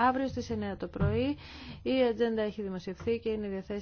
Αύριο στις 9 το πρωί η ατζέντα έχει δημοσιευθεί και είναι διαθέσιμη.